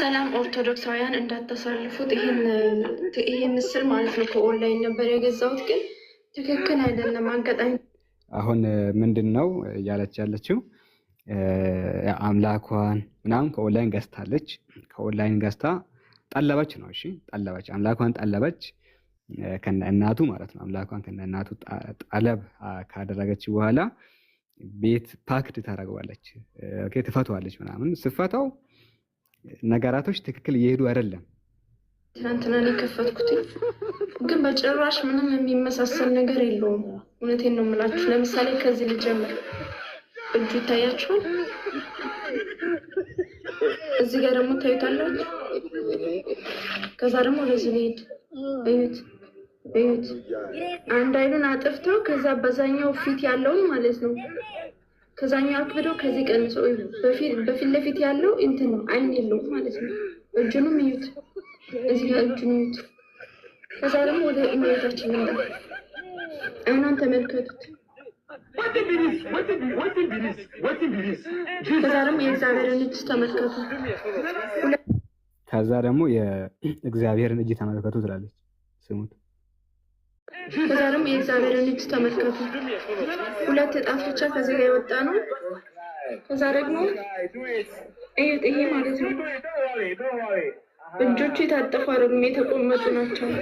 ሰላም ኦርቶዶክሳውያን እንዳታሳልፉት። ይሄ ምስል ማለት ነው ከኦንላይን ነበር የገዛሁት፣ ግን ትክክል አይደለም። አጋጣሚ አሁን ምንድን ነው እያለች ያለችው አምላኳን ምናምን ከኦንላይን ገዝታለች። ከኦንላይን ገዝታ ጠለበች ነው። እሺ ጠለበች፣ አምላኳን ጠለበች፣ ከነ እናቱ ማለት ነው። አምላኳን ከነ እናቱ ጠለብ ካደረገች በኋላ ቤት ፓክድ ታደርገዋለች፣ ትፈተዋለች ምናምን ስፈተው ነገራቶች ትክክል እየሄዱ አይደለም። ትናንትናን የከፈትኩትኝ ግን በጭራሽ ምንም የሚመሳሰል ነገር የለውም። እውነቴን ነው የምላችሁ። ለምሳሌ ከዚህ ልጀምር። እጁ ይታያችኋል። እዚህ ጋር ደግሞ ታዩታላችሁ። ከዛ ደግሞ ወደዚህ ሄድ እዩት፣ እዩት። አንድ አይኑን አጥፍተው ከዛ በዛኛው ፊት ያለውን ማለት ነው ከዛኛው አክብዶ ከዚህ ቀንሶ በፊት ለፊት ያለው እንትን ነው፣ አይን የለውም ማለት ነው። እጁንም እዩት፣ እዚህ ጋር እጁን እዩት። ከዛ ደግሞ ወደ እመቤታችን ይመጣ፣ አይኗን ተመልከቱት። ከዛ ደግሞ የእግዚአብሔርን እጅ ተመልከቱ። ከዛ ደግሞ የእግዚአብሔርን እጅ ተመልከቱ ትላለች። ስሙት ዛሬም የእግዚአብሔርን እጅ ተመልከቱ። ሁለት እጣፍ ብቻ ከዚህ ጋር የወጣ ነው። ከዛ ደግሞ እዩት፣ ይሄ ማለት ነው እጆቹ የታጠፉ አረግሜ የተቆመጡ ናቸው።